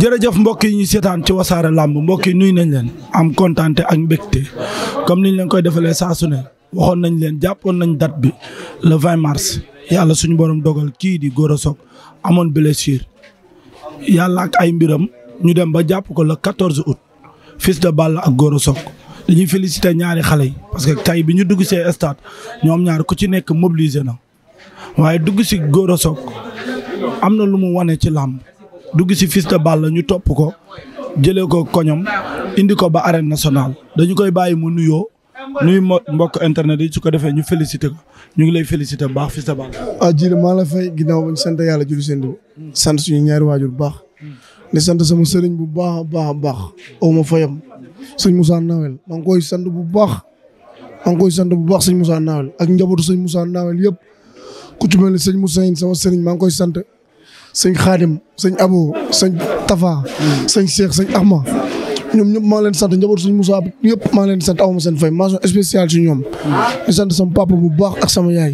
jërëjëf mbokk yi ñu seetaan ci wasaare làmb mbokk yi nuyu nañ leen am kontaan ak mbégte comme niñ leen koy defalee saa su ne waxoon nañ leen jàppoon nañ dat bi le 20 mars yàlla suñu borom dogal kii di Gora Sock amoon blessure yàlla ak ay mbiram ñu dem ba jàpp ko le 14 août fils de Balla ak Gora Sock dañuy féliciter ñaari xale yi parce que tey bi ñu dugg see stade ñoom ñaar ku ci nekk mobilisé na waaye dugg si Gora Sock am na lu mu wane ci làmb dugg si Fils baal Balla ñu topp ko jëlee ko koñom indi ko ba arène nationale dañu koy bàyyi mu nuyoo nuyu mbokk internet yi su ko defee ñu félicité ko ñu ngi lay félicité bu baax Fils de Balla. ah jërëjëf maa la fay ginnaaw bañ sant yàlla julli seen bi sant suñu ñaari waajur bu baax. di sant sama sëriñ bu baax a baax a baax aw ma fayam sëñ Moussa Nawel maa ngi bu baax maa ngi koy bu baax sëñ Moussa Nawel ak njabootu sëñ Moussa Nawel yëpp ku ci mel ni sëñ Moussa sama sëriñ maa ngi koy sant. sëñ Xaadim sëñ Abo sëñ Tafa. sëñ Cheikh sëñ Ahma. ñoom ñëpp maa ngi leen di sant njaboot suñu Moussa yëpp maa leen di sant aw ma seen fay mention spéciale ci ñoom. di sant sama bu baax ak sama yaay.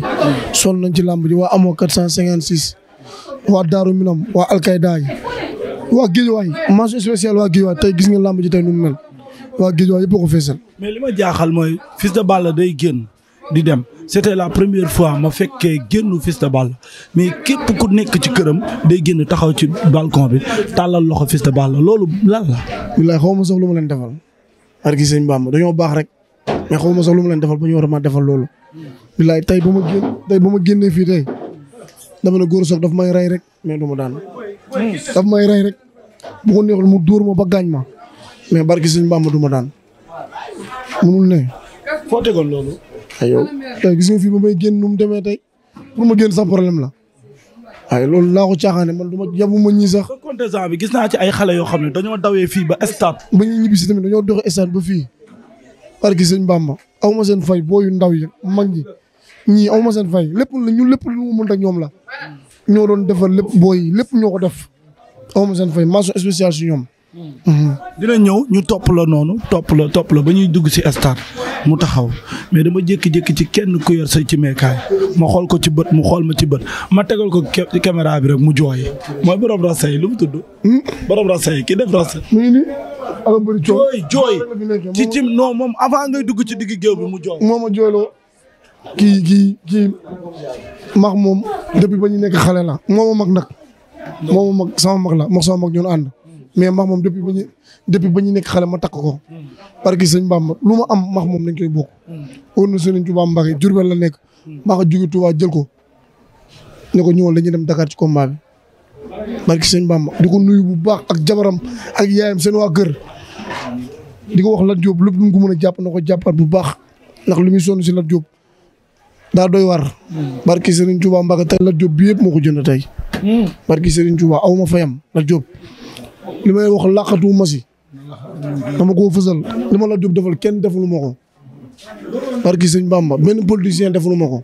sonn nañ ci làmb ji waa amoo 456. waa Daaru Minam waa Alkayda yi. waa Guédiawaye mention spéciale waa Guédiawaye tey gis nga làmb ji tey nu mu mel. waa Guédiawaye yëpp a ko feesal. mais li ma jaaxal mooy Fils de Balla day génn di dem. c'était la première fois ma fekkee génnu Fils de Balla mais képp ku nekk ci këram day génn taxaw ci balcon bi tàllal loxo Fils de Balla loolu lan la. bilaay xaw ma sax lu ma leen defal. barki sëñ dañoo baax rek mais xaw ma sax lu ma leen defal ba ñu war a ma defal loolu. tey ba ma génn ma génnee fii tey dama góor soog daf may rey rek mais du daan daf may rey rek bu ko neexul mu dóor ma ba gaañ ma mais barki sëñ Bamba du ma daan munul ne. foo tegoon loolu. ay yow gis nga fii ba may génn nu mu demee tey pour ma génn sax problème la waaye loolu naa ko caaxaane man du ma yabu ma ñii sax. contestant bi gis naa ci ay xale yoo xam ne dañoo dawee fii ba stade. ba ñuy ñibbi si dañoo doxe stade ba fii barki sëñ Bamba aw ma seen fay booyu ndaw yi mag ñi ñii aw seen fay lépp la ñun lépp lu mu mën ak ñoom la ñoo doon defar lépp booy lépp ñoo ko def aw ma seen fay mention spéciale si dina ñëw ñu topp la noonu topp la ba ñuy dugg ci stade mu taxaw mais dama jékki-jékki ci kenn ku yor sa ci meekaay ma xool ko ci bët mu xool ma ci bët ma tegal ko ci caméra bi rek mu jooy mooy borom rasa yi lu mu tudd. Hmm? borom rasa yi ki def rasa. jooy jooy ci cim non moom avant ngay dugg ci digg géew bi mu jooy. moom a jooyloo kii kii max moom depuis ba ñu nekk xale la moom mag nag. moom mag sama mag la moom sama mag ñun ànd. mais max moom depuis ba ñu depuis ba ñu nekk xale ma takk ko. parce que sëñ Bamba lu ma am max moom dañ koy bokk. wóor na sëñ Tuubaa Mbàkke Jurbel la nekk. maa ko jóge Tuubaa jël ko. ne ko ñëwoon dem Dakar ci combat bi. sëñ Bamba di ko nuyu bu baax ak jabaram ak yaayam seen waa kër. di wax Lat Diop lu ko mën a jàpp na ko jàppaat bu baax ndax lu muy sonn si Lat Diop daa doy war barki Serigne Touba Mbacke tey Lat Diop bi yëpp moo ko jënd tey. Hmm. barki Serigne Touba aw ma fayam Lat Diop. li may wax laqatu ma si dama koo fësal li ma la jub defal kenn defalu ma ko par sëñ Bamba benn politicien defalu ma ko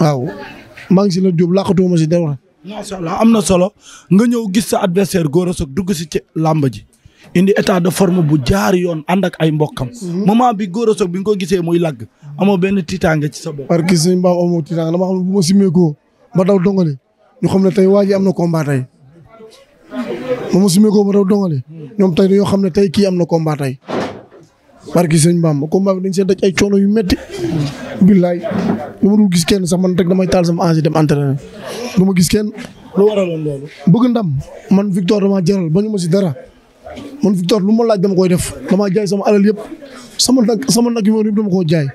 waaw maa ngi si la jub laqatu ma si def macha allah am na solo nga ñëw gis sa adversaire Gora Sock dugg si ci làmb ji indi état de forme bu jaar yoon ànd ak ay mbokkam mhm. moment bi Gora Sock bi nga ko gisee muy lagg amoo benn tiitaange ci sa bopp barki sëñ Bamba amoo tiitaange dama xam ne bu ma simmee ko ba daw dongale ñu xam ne tey waa ji am na combat tey ba ma sumee ko ba daw dongale ñoom tey dañoo ne tey kii am na combat tey barki sëñ Bamba combat bi dañ see daj ay coono yu metti billaay dama dul gis kenn sax man rek damay taal sama ange dem entraîné du ma gis kenn lu waraloon loolu bëgg ndam man victoire dama jaral bañu ma si dara man victoire lu ma laaj dama koy def damaa jaay sama alal yëpp sama nag sama nag yi moom yëpp dama koo jaay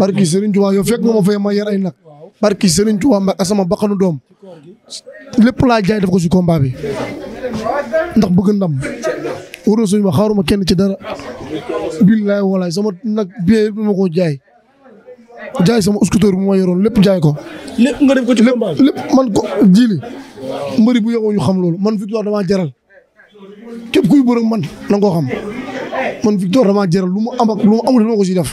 barki Serigne Touba yow fekk nga ma fay ma yar ay nag barki Serigne Touba mbak sama bakkanu doom lépp laa jaay def ko si combat ndax bëgg ndam wóor na suñu ma xaaruma kenn ci dara. billaay walaay sama nag biyee bi ma ko jaay jaay sama scooter bu ma yoroon lépp jaay ko. lépp nga def ko ci combat lépp man ko jiili mbëri bu yowoo ñu xam loolu man victoire damaa jaral képp kuy bërëg man na koo xam man victoire damaa jaral lu mu am ak lu mu amul dama ko siy def.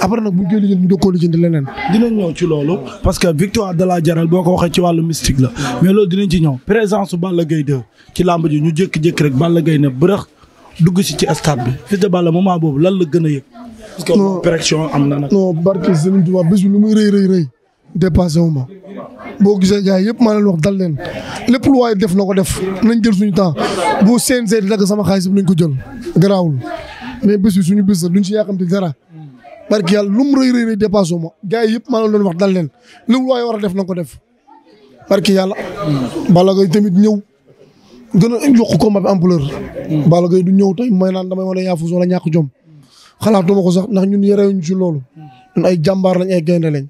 après nag bu ñu koy lijjanti ñu doog koo lijjanti leneen. dinañ ñëw ci loolu parce que victoire de la jaral boo ko waxee ci wàllu mystique la mais loolu dinañ ci ñëw présence su Balla Gaye 2 ci làmb ji ñu jékki-jékki rek Balla Gaye ne bërëx dugg si ci stade bi Fils de Balla moment boobu lan la gën a yëg. parce que pression am na nag. non barke Serigne Touba bés bi lu muy rëy rëy rëy dépassé wu ma boo gisee jaay yëpp maa leen wax dal leen lépp lu waaye def na ko def nañ jël suñu temps bu CNG di dagg sama xaalis bi nañ ko jël garaawul mais bés bi suñu bés la duñ ci yàkkamti dara barki yàlla lum rëy rëy rëy dépassé ma yëpp maa ngi doon wax dal leen lu mu waaye war a def na ko def barki yàlla. Balla Gaye tamit ñëw gën a yokk combat bi ampleur. Balla du ñëw tey may naan damay wane yaafus wala ñàkk jom. xalaatuma ko sax ndax ñun yarewuñu ci loolu. ñun ay jàmbaar lañ ay gaynde lañ.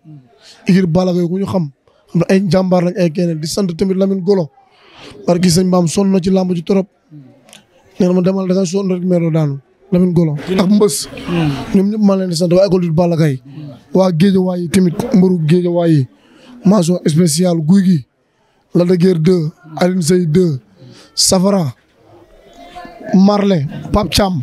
ngir Balla Gaye ku ñu xam xam ay jàmbaar lañ ay gaynde di sant tamit Lamine Golo. barki sëñ Baam sonn na ci làmb ci trop. nee na ma demal da nga sonn rek daanu. Lamine Golo ak Mbës. Hmm. ñoom ñëpp maa leen di sant waa école du Balla waa Géejawaay yi tamit mbaru Géejawaay yi mention spéciale guy gi. Lac de Guiers 2 Alioune Seye 2 Safara Marley Pape Thiam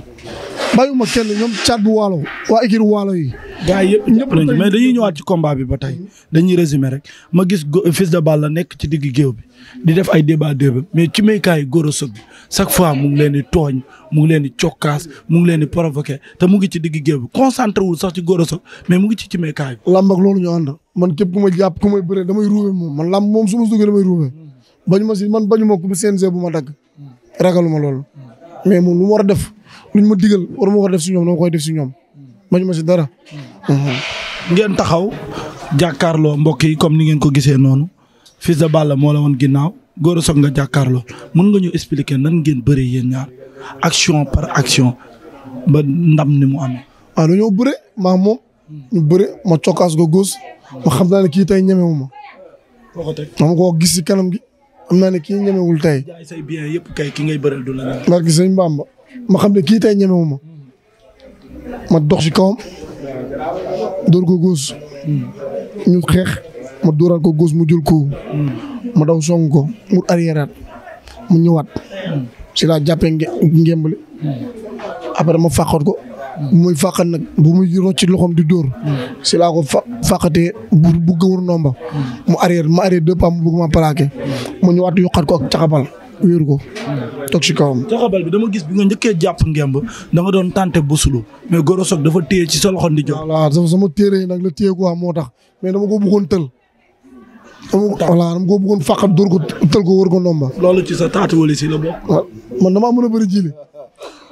kenn ñoom caat bu waalo waa équipe waalo yi. gaa yëpp ñëpp nañ mais dañuy ñëwaat ci combat bi ba tey dañuy résimé rek ma gis Fils de Balla nekk ci digg géew bi di def ay débat débat mais ci maykaay Gora Sock bi chaque fois mu ngi leen di tooñ mu ngi leen di cokkaas mu ngi leen di provoqué te mu ngi ci digg géew bi concentré wul sax ci Gora Sock mais mu ngi ci ci maykaay bi làmb ak loolu ñu ànd man képp ku ma jàpp ku may bëre damay ruube moom man làmb moom su ma duggee damay ruube bañu ma si man bañu ma ku CNG bu ma dagg ragaluma loolu mais moom mu war a def luñ ma digal war ma def si ñoom dama si ñoom bañu ma si dara ngeen taxaw jàkkaarloo mbokk yi comme ni ngeen ko gisee noonu Fils de Balla moo la woon ginnaaw Gora Sock nga jàkkaarloo mën nga ñu expliquer nan ngeen bëree yéen ñaar action par action ba ndam ni mu amee. waaw ah, dañoo bëre maa moom ñu bëre ma cokkaas ko gos ma xam naa ne kii tey ñemewu ma. ma ko gis si kanam gi am naa ne kii ñemewul tey. jaay bien yëpp kay ki ngay bëreel du la. barki sëñ Bamba ma xam ne kii tey ñemewu ma ma dox si kawam dóor ko góos ñu xeex ma dóoraat ko góos mu jël ko ma daw song ko mu arriéraat mu ñëwaat si laa jàppee ngembali après ma fàqat ko muy fàqat nag bu muy rocci loxoom di dóor si laa ko fa fàqatee bu bu gëwër nomba mu arrière ma arrière deux pas mu bëgg ma plaqué mu ñëwaat yokkaat ko ak caxabal wéeru ko toog si kawam. jaxabal bi dama gis bi nga njëkkee jàpp ngemb dama nga doon tànte busulu mais Gora Sock dafa téye ci sa loxo di jox. voilà sama téere nag la téye quoi moo tax mais dama ko bëggoon tël. voilà dama ko bëggoon fàqat dóor ko tël ko wër ko nomba. loolu ci sa taatu wala si la bokk. man damaa mën a bëri jiile.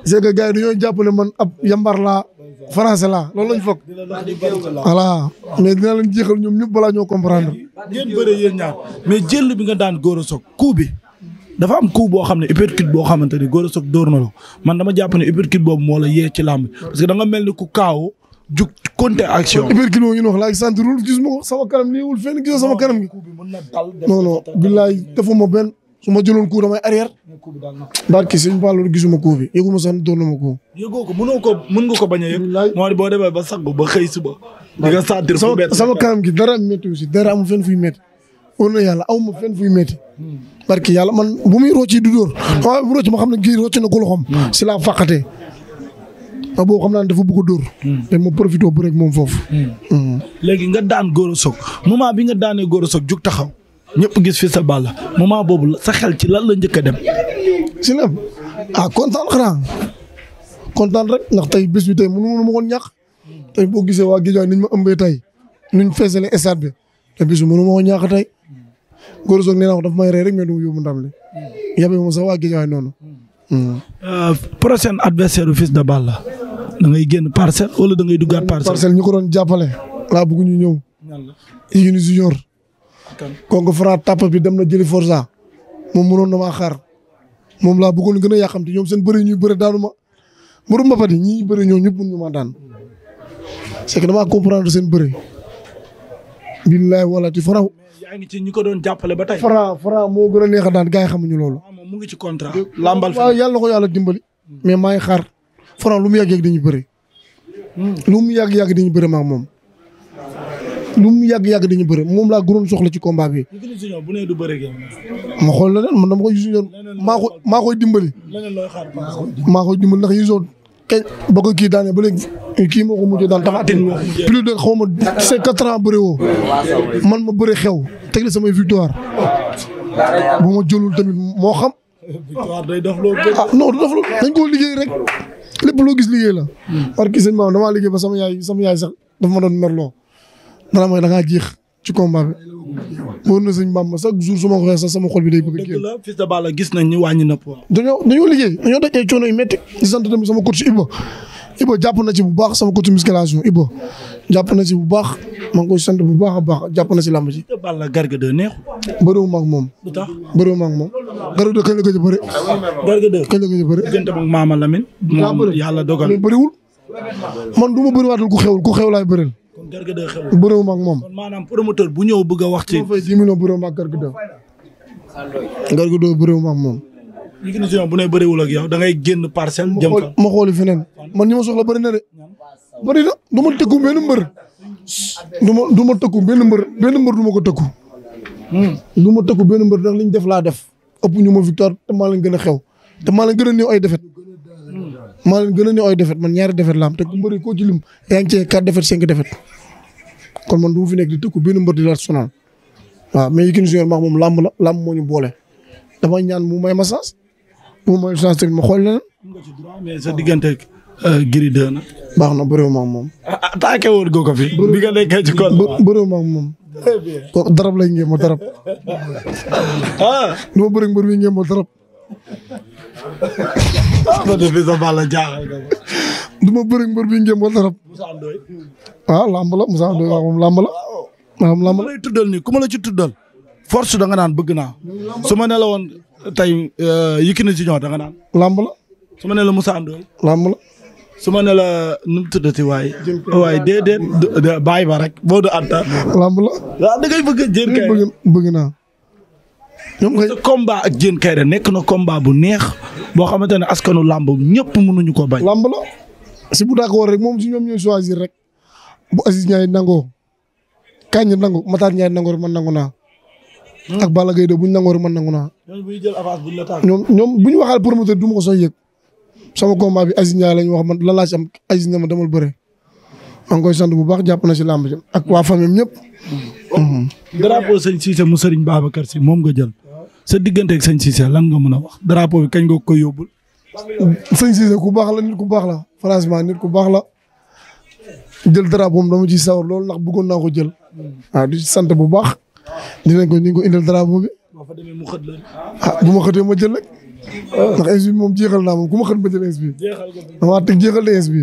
c'est que gars yi dañoo jàpp ne man ab yambar laa français la loolu lañ foog. voilà mais dina leen jeexal ñoom ñëpp balaa ñoo comprendre. ngeen bëre yéen mais jël bi nga daan Gora Sock coup bi dafa am coup boo xam ne uppercut boo xamante ni Gora Sock dóor na la man dama jàpp ne uppercut boobu moo la yee ci làmb parce que mel ni ku kaaw jug compter action. uppercut boobu wax laa sant rul gis ma sama kanam nii wul fenn gisoo sama kanam gi. non non billaay defuma benn su ma jëloon coup damay arrière. barki sëñ Ba loolu gisuma coup bi yëguma sax doon na ma ko. yëgoo ko mënoo ko mën nga ko bañ a yëg. moo di boo demee ba sagg ba xëy suba. di nga sentir fu bett sama kanam gi dara méttiwu si dara amul fenn fuy métti wóor na yàlla aw ma fenn fuy métti barki yàlla man bu muy rocci du dóor xaw bu rocci ma xam ne kii rocci na golo xam si laa fàqatee ma xam naa ne dafa bëgg a dóor te ma profité bu rek moom foofu léegi nga daan Gora Sock moment bi nga daanee Gora Sock jug taxaw ñëpp gis fi sa bàll moment boobu sa xel ci lan la njëkk a dem si la ah kontaan xanaa rek ndax tey bés bi tey mënu ma woon ñàkk tey boo gisee waa Guédiawaye niñ ma ëmbee tey nuñ feesale stade bi te bés bi mënu ma woon ñàkk tey Gora Sock nee naa ko dafa may rey rek mais du ndam li. yabe moom sax waa Guédiawaye noonu. Euh, prochain adversaire Fils de Balla la. da ngay génn parcelle wala da ngay duggaat parcelle. parcelle ñu ko doon jàppale. laa bëgg ñu ñëw. Yékini Junior. kon ko fara tàpp bi dem na jëli Forza. moom mënoon na maa xaar. moom laa bëggoon gën a yàqamti ñoom seen bëri ñuy bëri daanu ma. mbiru mbapat yi ñi bëri ñoo ñëpp mën ñu maa daan. c'est que damaa comprendre seen bëri. billahi wala ti faraw. yaa ngi ci ñi ko doon jàppale ba tey. Franc Franc moo gën a neex a daan gars loolu. waaw ah, mu ngi ci contrat. lambal waaw yàlla na ko yàlla dimbali. mais maa ngi xaar Franc lu mu yàgg yàgg dañuy bëri. Hmm. lu mu yàgg yàgg dañuy bëri ma moom. lu mu yàgg yàgg dañuy bëri moom laa gënoon soxla ci combat bi. bu du bëri ma xool la man dama ko Youssou Ndour maa ko maa koy dimbali. maa koy dimbali ndax Youssou kañ ba ko kii daane ba léegi kii moo ko mujjee daan tafaatin plus de xaw ma c'est quatre ans bëri woo man ma bëri xew teg la samay victoire bu ma jëlul tamit moo xam. victoire day def loolu ah non du def loolu dañ koo liggéey rek lépp loo gis liggéey la. parce que seen maam damaa liggéey ba sama yaay sama yaay sax dafa ma doon merloo dara mooy da ngaa ci combat bi. wóor na sëñ Bamba chaque jour su ma ko waxee sax sama xol bi day bëgg a génn. dëgg la Fils de Balla gis nañ na poids. dañoo dañoo liggéey dañoo coono yu métti di sant tamit sama coach Iba Iba jàpp na ci bu baax sama coach musculation Iba jàpp na ci bu baax maa ngi sant bu baax a baax jàpp na ci làmb ji. Fils de Balla Garga 2 neexu. bëriwul ma ak moom. lu tax bëriwul a bëri. Garga 2 kañ a bëri. diggante ak Mama Lamine. moom yàlla dogal. man bëriwul man du ma bëriwaatul ku xewul ku xew laay bëril Garga 2 xewul buróom ak moom. maanaam promoteur bu ñëw bëgg a wax ci. fay 10 millions buróom ak Garga 2. Garga 2 buróom moom. Yékini bu ne bëriwul ak yow da ngay génn parcelle. jëm fa ma xooli feneen ma ñi ma soxla bëri na de. bëri na du ma tëkku benn mbër. du ma du ma tëkku benn bër benn mbër du ma ko tëkku. Hmm. du ma tëkku benn mbër ndax liñ def laa def. ëpp ñu ma victoire te maa leen gën a xew te maa leen gën a néew ay défaite hmm. maa leen gën a néew ay défaite man ñaari défaite la am te ku mbëri koo ci lim yaa ngi cee defet kon man du ma fi nekk di tëkku benn mbër di la sonal waaw mais Yékini Junior ma moom làmb la làmb moo ñu boole dama ñaan mu may ma chance mu may ma xool leneen. mais sa diggante euh, na. baax na bëriwuma ak moom. Ah, ah, attaqué woon nga ko fi. bi nga nekkee ci moom. darab lay ngéem a darab. ah. nu ma bëri mbër bi ngéem a darab. ah du bër bëri mbër bi ngeen wala rab. ah lamb la Moussa Ndoye waaw moom lamb tuddal nii ku ma la ci tuddal. force da naan bëgg naa. su ma ne woon tey eh, Yékini Junior da nga naan. lamb la. su ma ne la Moussa Ndoye. lamb la. su ma ne la nu mu tuddati waaye. waaye déedéet bàyyi ba rek boo du ànta. lamb la. waaw da ngay bëgg jën kay bëgg bëgg naa. ñoom nekk na combat bu neex boo xamante ne askanu lamb ñëpp mënuñu ko bañ. lamb la. si bu d'accord rek moom si ñoom ñooy choisir rek bu Aziz Ndiaye nangoo Kañ nangu Matar Ndiaye nangoor man nangu naa. Hmm. ak Balla Gaye de buñ nangoor man nangu naa. ñoom bu ñu jël avance buñ la tànn. ñoom ñoom bu ñu waxal promoteur du ma ko sooy yëg sama combat bi Aziz Ndiaye la wax man lan laa si am Aziz ne ma demal koy sant bu baax jàpp na si làmb ji ak waa famille am ñëpp. Hmm. drapeau sëñ Cissé mu sëriñ Babacar si moom nga jël. sa digganteeg sëñ Cissé lan nga mën a wax drapeau bi kañ nga ko yóbbul. sëñ Cissé ku baax la nit ku baax la franchement nit ku baax la jël drapeau moom dama ci sawar loolu ndax bëggoon naa ko jël. waaw ah, di sant bu baax. dinañ ko ñu ngi ko indil drapeau bi. ah bu ma xëtee ma jël rek. ndax ins moom jeexal naa moom ku ma xët ma jël ins bi. jeexal de ins bi.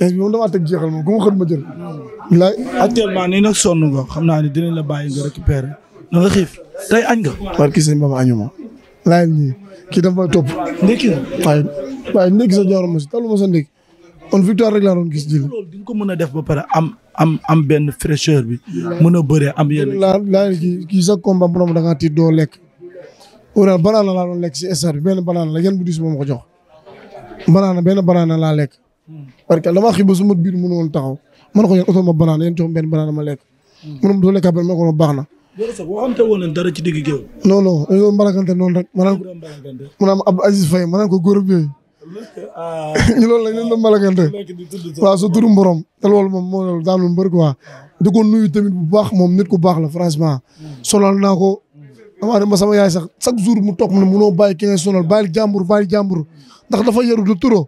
ins bi moom damaa teg jeexal moom ku ma xët ma jël. bilaay actuellement nii nag sonn nga xam naa ne dinañ la bàyyi nga récupérer. na nga xiif tey añ nga. barki sëñ Bamba añuma laayal ñii. kii daf may topp. ndekki la waaye waaye ndekki sa jaarul ma si talu ma sa ndekki kon victoire rek laa doon gis ji. loolu di ko mën a def ba pare am am benn fraîcheur bi. mën a bëree am yenn. laa laa kii kii sa combat mu ne da ngaa tiit doo lekk. oral banaana laa doon lekk si stade bi benn banaana la yan bu dis moom ko jox. banaana benn banaana laa lekk. parce que damaa xiba suma biir mënu woon taxaw. mën ko yan oto ma banaana yan jox benn banaana ma lekk. mën na doo lekk après ma ko baax na. Gora Sock waxante woon nañ dara ci digg géew. non non dañoo mbalakante noonu rek. maanaam maanaam Abdou Aziz Faye maanaam ko góor yooyu. loolu lañ leen doon mbalakante. Ah, waaw sa turu mborom. te loolu moom moo loolu daanul mbër quoi. Ah. di nuyu tamit bu baax moom nit ku baax la franchement. Hmm. sonal naa ko. damaa dem ma sama yaay sax chaque jour mu toog mu ne munoo bàyyi ki ngay sonal bàyyi jàmbur bàyyi jàmbur ndax dafa yaru du turo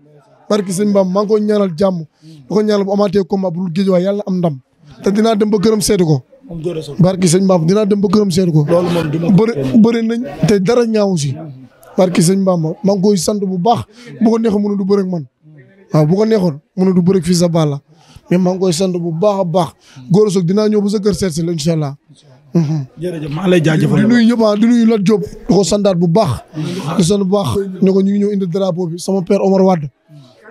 barki sëñ Bamba maa ngi ñaanal jàmm. da ko ñaanal bu amaatee combat bu dul géej waaye yàlla am ndam. te dinaa dem ba gërëm seeti ko moom doo resool barki sëñ Bamba dinaa dem ba këram seet ko. loolu moom dina bëri nañ te dara ñaawu si. barki sëñ Bamba maa ngi koy sant bu baax bu ko neexoon mënu du bëri ak man waaw bu ko neexoon mënu du bëri ak fii sa Balla mais maa ngi koy sant bu baax a baax góor soog dinaa ñëw ba sa kër seet si la incha allah. Mhm. jërëjëf maa lay jaajëfal di nuyu ñëpp ah di nuyu Lat Diop di santaat bu baax. di sant baax ne ko ñu ngi ñëw indi drapeau bi sama père Omar Wade.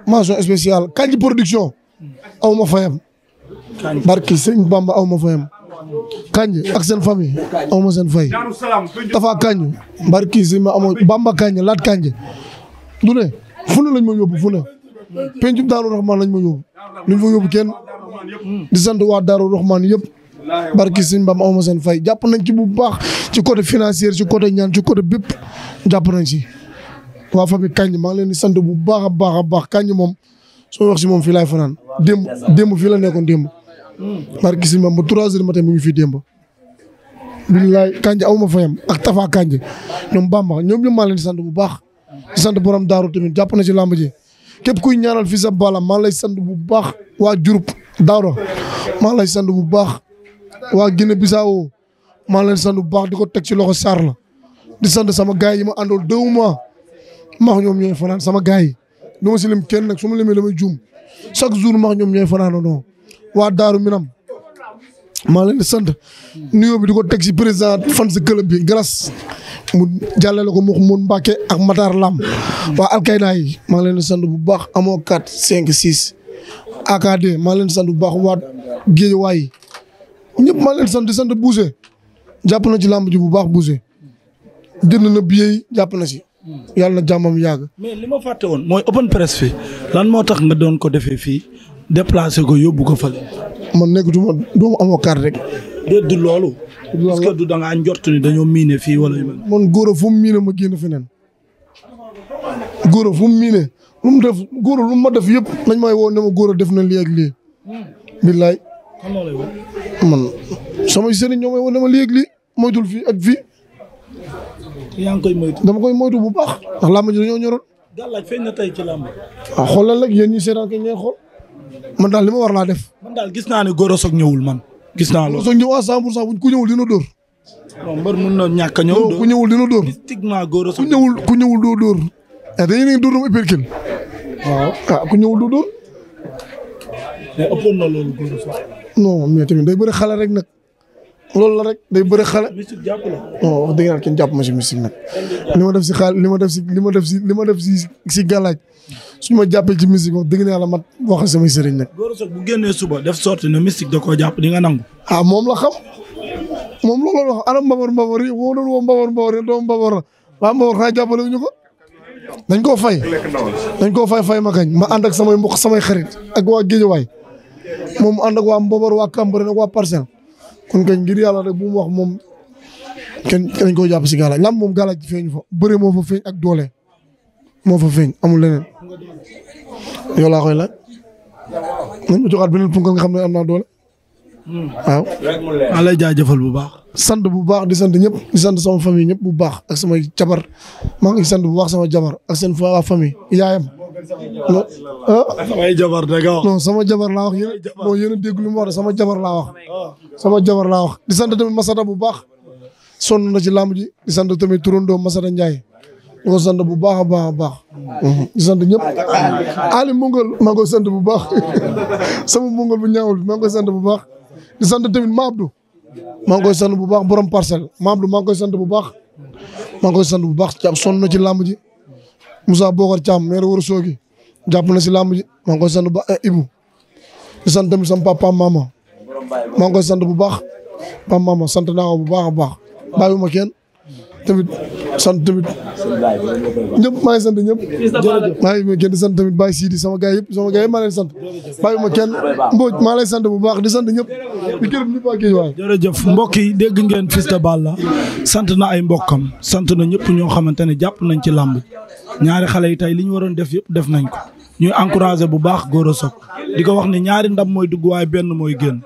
mention spéciale Kandji production aw ma fayam. barki sëñ Bamba aw ma fayam. Kañ ak seen famille aw ma seen fay Tafa Kañ barki si ma amoo Bamba Kañ Laat Kañ du ne fu lañ ma yóbbu fu ne pencum Daaru Raxmaan lañ ma yóbbu luñ fa yóbbu kenn di sant waa Daaru Raxmaan yëpp barki si mbam aw ma seen fay jàpp nañ ci bu baax ci côté financier ci côté ñaan ci côté bépp jàpp nañ ci. waa famille Kañ maa ngi leen di sant bu baax a baax a baax Kañ moom soo wax si moom fii laay fanaan démb démb fii la nekkoon démb. barki si maam ba trois heures matin mu ngi fii démb. billaay Kanje aw ma fayam ak Tafa Kanje ñoom Bamba ñoom ñu maa leen di sant bu baax. di sant borom daaru tamit jàpp na ci làmb ji képp kuy ñaanal fii sa bala maa lay sant bu baax waa Diouroup Daara maa lay sant bu baax waa Guinée Bissau maa leen sant bu baax di ko teg ci loxo Sarr la di sant sama gaay yi ma àndool deux mois maax ñoom ñooy fanaan sama gaay yi du ma si lim kenn nag su ma limee damay juum chaque jour maax ñoom ñooy fanaan non waa Daaru Minam maa di sant nuyoo bi di ko teg si président fan si club bi grâce mu jàllale ko Mouh Moun Mbacke ak Matar Lam waa Alkayda yi maa leen di sant bu baax amoo 4 5 6 AKD maa leen di sant bu baax waa Guédiawaye ñëpp maa di sant di sant jàpp na ci làmb ji bu baax Bousse jënd na billet yi jàpp na si. yàlla na jàmmam yàgg. mais li ma fàtte woon mooy open press fi lan moo tax nga doon ko defee fii déplacé ko yóbbu ko fële. man nekkatuma doomu amoo carte rek. déet du loolu. parce que du da ngaa njort ni dañoo miine fii wala. man góor fu mu miine ma génn feneen góor fu mu def góor lu ma def yëpp dañ may woo ne ma góor def na lii ak lii. billaay. man sama sëriñ ñoom may woo ma lii ak lii moytul fii ak fii. yaa ngi koy dama koy moytu bu baax. ndax làmb ji dañoo ñoroon. gàllaaj feeñ na tey ci làmb. Ah, ñi seetaan kay ñooy xool. man daal li ma war laa def. man daal gis naa ne Gora ñëwul man. gis naa loolu Gora Sock ñëw à buñ ku ñëwul dina dóor. bon mbër mun na ñàkk a ñëw. ku ñëwul dina dóor mystiquement Gora Sock ku ñëwul ku ñëwul doo dóor. Eh, dóor doomu Iperkin. waaw ah na loolu day bëri xale rek nag. loolu la rek day bëri xale. mystique jàpp la. non wax ma si mystique nag. li ma def si xaal li ma def si li ma def si suñu ma jàppee ci musique wax dëgg na yàlla mat wax sama sëriñ nag. Gora bu génnee suba def sorti na mystique da koo jàpp di nga nangu. ah moom la xam moom loolu wax ana mbabar mbabar yi woo mbabar mbabar yi doomu mbabar la ñu ko. dañ koo fay dañ koo fay fay ma kañ ma ànd samay mbok samay xarit ak waa Géejawaay moom mu ànd ak waa Mbobar waa Cambérène ak waa kon kañ ngir yàlla rek bu wax moom kenn dañ koo jàpp si gàllaaj lam moom gàllaaj feeñ fa bëre moo fa feeñ ak doole moo fa feeñ amul leneen. yow laa koy laaj. nañ ma joxaat beneen punkal nga xam ne am naa doole. waaw. maa lay jaajëfal bu baax. sant bu baax di sant ñëpp di sant sama famille ñëpp bu baax ak samay jabar maa ngi sant bu baax sama jabar ak seen waa famille yaayam. Ah. samay sama jabar laa wax yéen bon sama jabar laa wax. Ah. sama jabar laa wax di sant tamit Masada bu baax. sonn na ci làmb ji di sant tamit turandoo Masada Ndiaye. di ko bu baax a baax a baax. di sant ñëpp Ali Moungheul maa koy sant bu baax sama Moungheul bu ñaawul maa ngi koy sant bu baax di sant tamit Mabdou maa ngi koy sant bu baax borom parcelle Mabdou maa ngi koy sant bu baax. maa ngi koy sant bu baax ca sonn na ci làmb ji Moussa Bokar Thiam maire Wara Sogi jàpp na si làmb ji maa ngi koy sant bu baax eh, Ibou di sant tamit sama papa mama maa koy sant bu baax papa mama sant naa bu baax a baax bàyyiwuma tamit sant tamit ñëpp maa ngi sant ñëpp maa ngi gën di sant tamit Baye Sidi sama gaay yëpp sama gaay yëpp maa leen sant bàyyi ma kenn Mbodj maa lay sant bu baax di sant ñëpp di gërëm ñëpp waa Guédiawaye jërëjëf mbokk yi dégg ngeen Fils de Balla sant na ay mbokkam sant na ñëpp ñoo xamante ne jàpp nañ ci làmb ñaari xale yi tey li ñu waroon def yëpp def nañ ko ñuy encouragé bu baax góor a Sock di ko wax ne ñaari ndam mooy dugg waaye benn mooy génn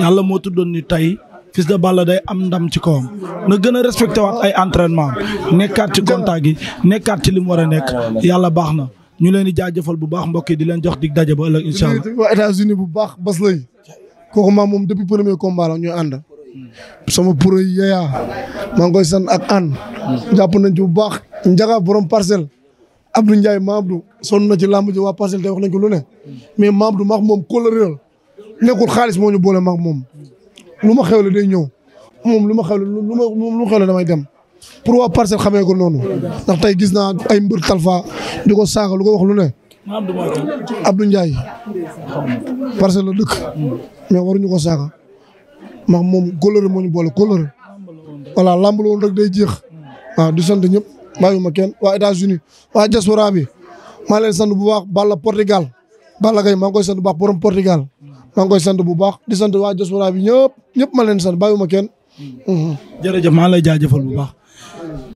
yàlla moo tuddoon ni tey Fils de Balla day am ndam ci kawam na gën a respecté waat ay entraînement nekkaat ci contact gi nekkaat ci li mu war a nekk yàlla baax na ñu leen di jaaj jaajëfal bu baax mbokk yi di leen jox di daje ba ëllëg incha allah. waa États-Unis bu baax bas lay kooku maa moom depuis premier combat la ñu ànd. sama pro a maa ngi koy sant ak an jàpp nañ ci bu baax njaga borom parcelle Abdou Ndiaye Mabdou sonn na ci làmb ji waa parcelle tey wax nañ ko lu ne mais Mabdou max moom kóllëre nekkul xaalis moo ñu boole max moom lu ma xewle day ñëw moom lu ma xewle lu ma lu ma xewle damay dem pour waa parcelle xamee ko noonu ndax tey gis naa ay mbër talfa di ko saaga lu ko wax lu ne Abdou Ndiaye parcelle la dëkk mais waruñu ko saaga ndax moom kóllëre moo ñu boole kóllëre voilà lamb la woon rek day jeex waaw di sant ñëpp bàyyiwuma kenn waa États-Unis waa diaspora bi maa leen sant bu baax Balla Portugal Balla Gaye maa ngi koy sant bu baax borom Portugal maa ngi koy sant bu baax di sant waa diaspora bi ñëpp ñëpp ma leen sant bàyyiwuma kenn. Hmm. jërëjëf maa lay jaajëfal bu baax.